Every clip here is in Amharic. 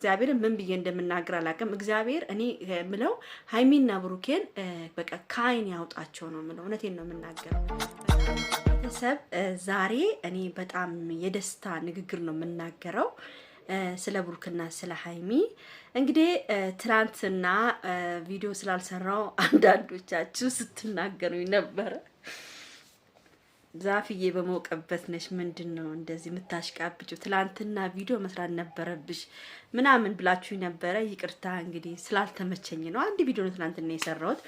እግዚአብሔርን ምን ብዬ እንደምናገር አላውቅም። እግዚአብሔር እኔ ምለው ሀይሚና ብሩኬን በቃ ከአይን ያውጣቸው ነው ምለው። እውነቴን ነው የምናገረው። ቤተሰብ ዛሬ እኔ በጣም የደስታ ንግግር ነው የምናገረው ስለ ብሩክና ስለ ሀይሚ እንግዲህ ትናንትና ቪዲዮ ስላልሰራው አንዳንዶቻችሁ ስትናገሩኝ ነበረ። ዛፍዬ በመውቀበት ነሽ ምንድን ነው እንደዚህ የምታሽቃብጩ? ትላንትና ቪዲዮ መስራት ነበረብሽ ምናምን ብላችሁ ነበረ። ይቅርታ እንግዲህ ስላልተመቸኝ ነው። አንድ ቪዲዮ ነው ትላንትና የሰራሁት፣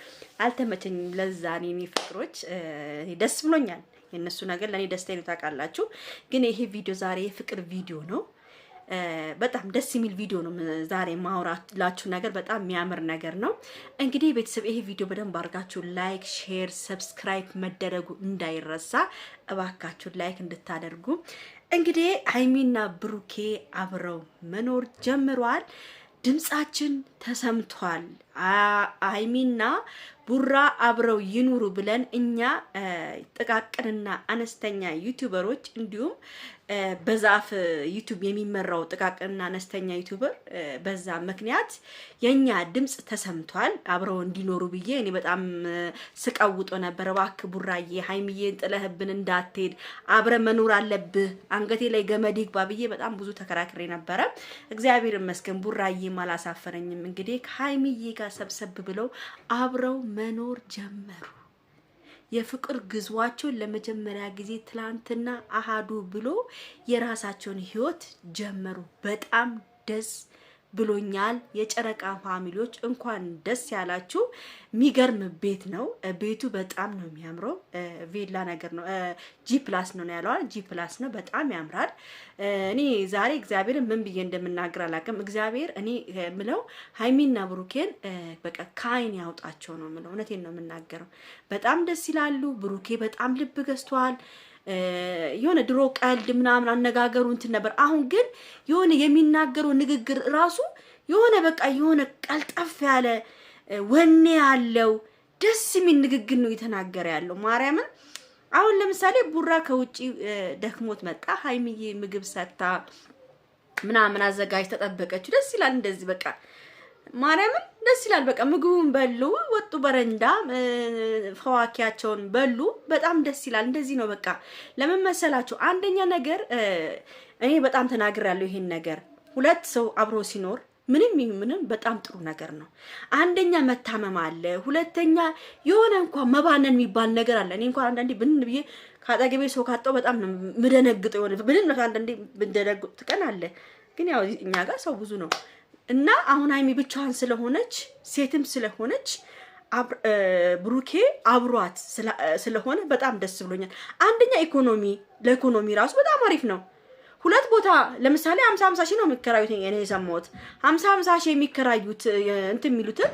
አልተመቸኝም። ለዛ እኔ ፍቅሮች ደስ ብሎኛል። የእነሱ ነገር ለእኔ ደስታ ነው፣ ታውቃላችሁ። ግን ይሄ ቪዲዮ ዛሬ የፍቅር ቪዲዮ ነው። በጣም ደስ የሚል ቪዲዮ ነው። ዛሬ ማውራላችሁ ነገር በጣም የሚያምር ነገር ነው። እንግዲህ ቤተሰብ ይሄ ቪዲዮ በደንብ አድርጋችሁ ላይክ፣ ሼር፣ ሰብስክራይብ መደረጉ እንዳይረሳ እባካችሁ ላይክ እንድታደርጉ። እንግዲህ ሀይሚና ብሩኬ አብረው መኖር ጀምሯል። ድምጻችን ተሰምቷል። ሀይሚና ቡራ አብረው ይኑሩ ብለን እኛ ጥቃቅንና አነስተኛ ዩቱበሮች እንዲሁም በዛፍ ዩቱብ የሚመራው ጥቃቅንና አነስተኛ ዩቱበር በዛ ምክንያት የኛ ድምጽ ተሰምቷል። አብረው እንዲኖሩ ብዬ እኔ በጣም ስቀውጦ ነበር። እባክህ ቡራዬ ሀይሚዬን ጥለህብን እንዳትሄድ አብረ መኖር አለብህ፣ አንገቴ ላይ ገመድ ይግባ ብዬ በጣም ብዙ ተከራክሬ ነበረ። እግዚአብሔር ይመስገን ቡራዬም አላሳፈረኝም። እንግዲህ ከሀይሚዬ ጋር ሰብሰብ ብለው አብረው መኖር ጀመሩ። የፍቅር ግዟቸውን ለመጀመሪያ ጊዜ ትላንትና አሃዱ ብሎ የራሳቸውን ህይወት ጀመሩ። በጣም ደስ ብሎኛል። የጨረቃ ፋሚሊዎች እንኳን ደስ ያላችሁ። የሚገርም ቤት ነው። ቤቱ በጣም ነው የሚያምረው። ቪላ ነገር ነው። ጂ ፕላስ ነው ያለዋል። ጂ ፕላስ ነው። በጣም ያምራል። እኔ ዛሬ እግዚአብሔርን ምን ብዬ እንደምናገር አላውቅም። እግዚአብሔር እኔ ምለው ሀይሚና ብሩኬን በቃ ከአይን ያውጣቸው ነው ምለው። እውነቴን ነው የምናገረው። በጣም ደስ ይላሉ። ብሩኬ በጣም ልብ ገዝተዋል። የሆነ ድሮ ቀልድ ምናምን አነጋገሩ እንትን ነበር። አሁን ግን የሆነ የሚናገረው ንግግር ራሱ የሆነ በቃ የሆነ ቀልጠፍ ያለ ወኔ ያለው ደስ የሚል ንግግር ነው እየተናገረ ያለው ማርያምን። አሁን ለምሳሌ ቡራ ከውጪ ደክሞት መጣ። ሀይሚዬ ምግብ ሰታ ምናምን አዘጋጅ ተጠበቀችው። ደስ ይላል እንደዚህ በቃ ማርያምን ደስ ይላል። በቃ ምግቡን በሉ፣ ወጡ በረንዳ ፈዋኪያቸውን በሉ። በጣም ደስ ይላል። እንደዚህ ነው በቃ። ለምን መሰላችሁ? አንደኛ ነገር እኔ በጣም ተናግሬያለሁ ይሄን ነገር። ሁለት ሰው አብሮ ሲኖር ምንም ይሁን ምንም በጣም ጥሩ ነገር ነው። አንደኛ መታመም አለ፣ ሁለተኛ የሆነ እንኳን መባነን የሚባል ነገር አለ። እኔ እንኳን አንዳንዴ ብን ብዬ ከአጠገቤ ሰው ካጣው በጣም ምደነግጠው የሆነ ምንም አንዳንዴ ምደነግጥ ቀን አለ። ግን ያው እኛ ጋር ሰው ብዙ ነው። እና አሁን ሀይሚ ብቻዋን ስለሆነች ሴትም ስለሆነች ብሩኬ አብሯት ስለሆነ በጣም ደስ ብሎኛል። አንደኛ ኢኮኖሚ ለኢኮኖሚ ራሱ በጣም አሪፍ ነው። ሁለት ቦታ ለምሳሌ ሀምሳ ሀምሳ ሺህ ነው የሚከራዩት። እኔ የሰማሁት ሀምሳ ሀምሳ ሺህ የሚከራዩት እንትን የሚሉትን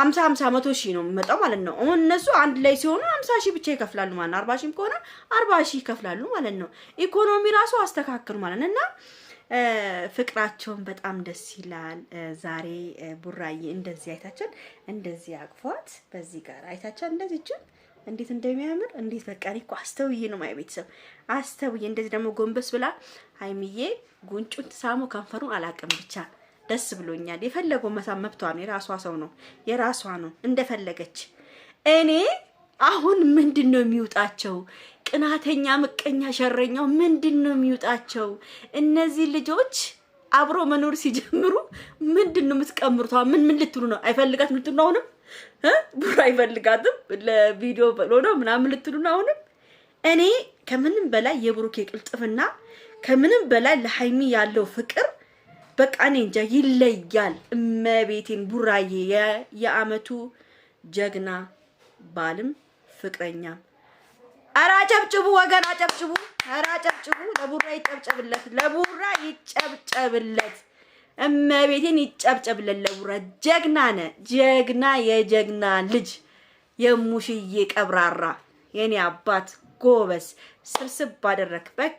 ሀምሳ ሀምሳ መቶ ሺህ ነው የሚመጣው ማለት ነው። አሁን እነሱ አንድ ላይ ሲሆኑ ሀምሳ ሺህ ብቻ ይከፍላሉ ማለት ነው። አርባ ሺህም ከሆነ አርባ ሺህ ይከፍላሉ ማለት ነው። ኢኮኖሚ ራሱ አስተካክሉ ማለት ነው እና ፍቅራቸውን በጣም ደስ ይላል። ዛሬ ቡራዬ እንደዚህ አይታችን እንደዚህ አቅፏት በዚህ ጋር አይታችን እንደዚህ እችን እንዴት እንደሚያምር እንዴት በቃ እኔ እኮ አስተውዬ ነው ማየ ቤተሰብ አስተውዬ እንደዚህ ደግሞ ጎንበስ ብላ ሀይሚዬ ጉንጩን ትሳሞ ከንፈሩን አላቅም ብቻ ደስ ብሎኛል። የፈለገው መሳም መብቷ ነው። የራሷ ሰው ነው የራሷ ነው እንደፈለገች እኔ አሁን ምንድን ነው የሚውጣቸው? ቅናተኛ፣ ምቀኛ፣ ሸረኛው ምንድን ነው የሚውጣቸው? እነዚህ ልጆች አብሮ መኖር ሲጀምሩ ምንድን ነው የምትቀምሩት? ምን ምን ልትሉ ነው? አይፈልጋት ልትሉ ነው? አሁንም ቡራ አይፈልጋትም ለቪዲዮ ነው ምናምን ልትሉ ነው? አሁንም እኔ ከምንም በላይ የብሩኬ ቅልጥፍና ከምንም በላይ ለሀይሚ ያለው ፍቅር በቃ እኔ እንጃ ይለያል። እመቤቴን ቡራዬ የአመቱ ጀግና ባልም ፍቅረኛ ኧረ አጨብጭቡ ወገን አጨብጭቡ፣ ኧረ አጨብጭቡ። ለቡራ ይጨብጨብለት፣ ለቡራ ይጨብጨብለት፣ እመቤቴን ይጨብጨብለት። ለቡራ ጀግና ነ ጀግና፣ የጀግና ልጅ የሙሽዬ ቀብራራ፣ የኔ አባት ጎበስ ስብስብ ባደረክ በቃ።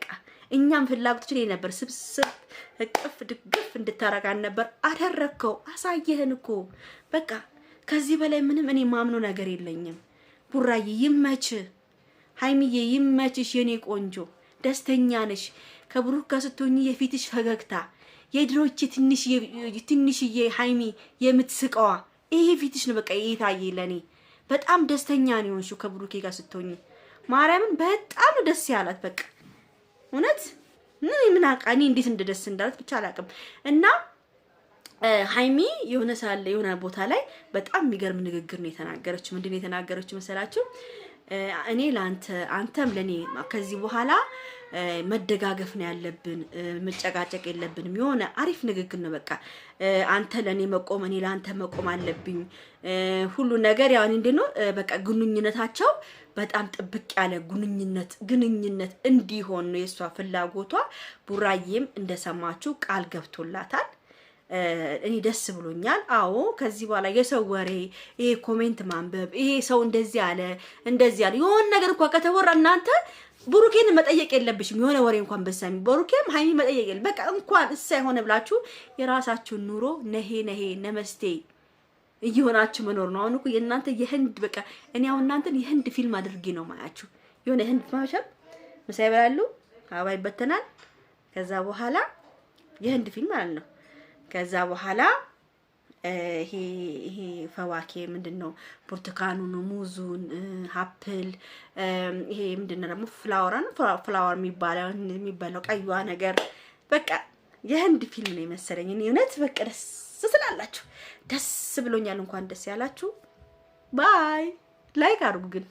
እኛም ፍላጎት ይሄ ነበር። ስብስብ እቅፍ ድግፍ እንድታረጋን ነበር። አደረግከው፣ አሳየህን እኮ በቃ። ከዚህ በላይ ምንም እኔ ማምኖ ነገር የለኝም። ቡራዬ ይመች፣ ሀይሚዬ ይመችሽ፣ የኔ ቆንጆ ደስተኛ ነሽ። ከብሩክ ጋር ስትሆኚ የፊትሽ ፈገግታ የድሮች ትንሽዬ ሀይሚ የምትስቀዋ ይሄ ፊትሽ ነው በቃ የታየ ለእኔ። በጣም ደስተኛ ነው የሆንሽው ከብሩኬ ጋር ስትሆኚ። ማርያምን በጣም ደስ ያላት በቃ እውነት ምን ምን አቃኒ እንዴት እንደደስ እንዳላት ብቻ አላውቅም እና ሀይሚ የሆነ ሳለ የሆነ ቦታ ላይ በጣም የሚገርም ንግግር ነው የተናገረች። ምንድን ነው የተናገረችው መሰላችሁ? እኔ ለአንተ አንተም ለእኔ ከዚህ በኋላ መደጋገፍ ነው ያለብን፣ መጨቃጨቅ የለብንም። የሆነ አሪፍ ንግግር ነው። በቃ አንተ ለእኔ መቆም፣ እኔ ለአንተ መቆም አለብኝ። ሁሉ ነገር ያው እንዴት ነው በቃ ግንኙነታቸው በጣም ጥብቅ ያለ ግንኙነት ግንኙነት እንዲሆን ነው የእሷ ፍላጎቷ። ቡራዬም እንደሰማችሁ ቃል ገብቶላታል። እኔ ደስ ብሎኛል። አዎ ከዚህ በኋላ የሰው ወሬ ይሄ ኮሜንት ማንበብ ይሄ ሰው እንደዚህ አለ እንደዚህ አለ የሆን ነገር እንኳ ከተወራ እናንተ ብሩኬን መጠየቅ የለብሽም። የሆነ ወሬ እንኳን በሳሚ ብሩኬም ሀይሚ መጠየቅ የለ በቃ እንኳን እሳ የሆነ ብላችሁ የራሳችሁን ኑሮ ነሄ ነሄ ነመስቴ እየሆናችሁ መኖር ነው። አሁን እኮ የእናንተ የህንድ በቃ እኔ አሁን እናንተን የህንድ ፊልም አድርጌ ነው ማያችሁ። የሆነ የህንድ ማሸብ ምሳ ይበላሉ፣ አበባ ይበተናል። ከዛ በኋላ የህንድ ፊልም ማለት ነው። ከዛ በኋላ ይሄ ፈዋኬ ምንድን ነው? ብርቱካኑን፣ ሙዙን፣ ሀፕል ይሄ ምንድን ነው ደግሞ ፍላወራን ፍላወር የሚባለው ቀዩዋ ነገር በቃ የህንድ ፊልም ነው የመሰለኝ። እውነት በቃ ደስ ስላላችሁ ደስ ብሎኛል። እንኳን ደስ ያላችሁ። ባይ ላይክ አድርጉ ግን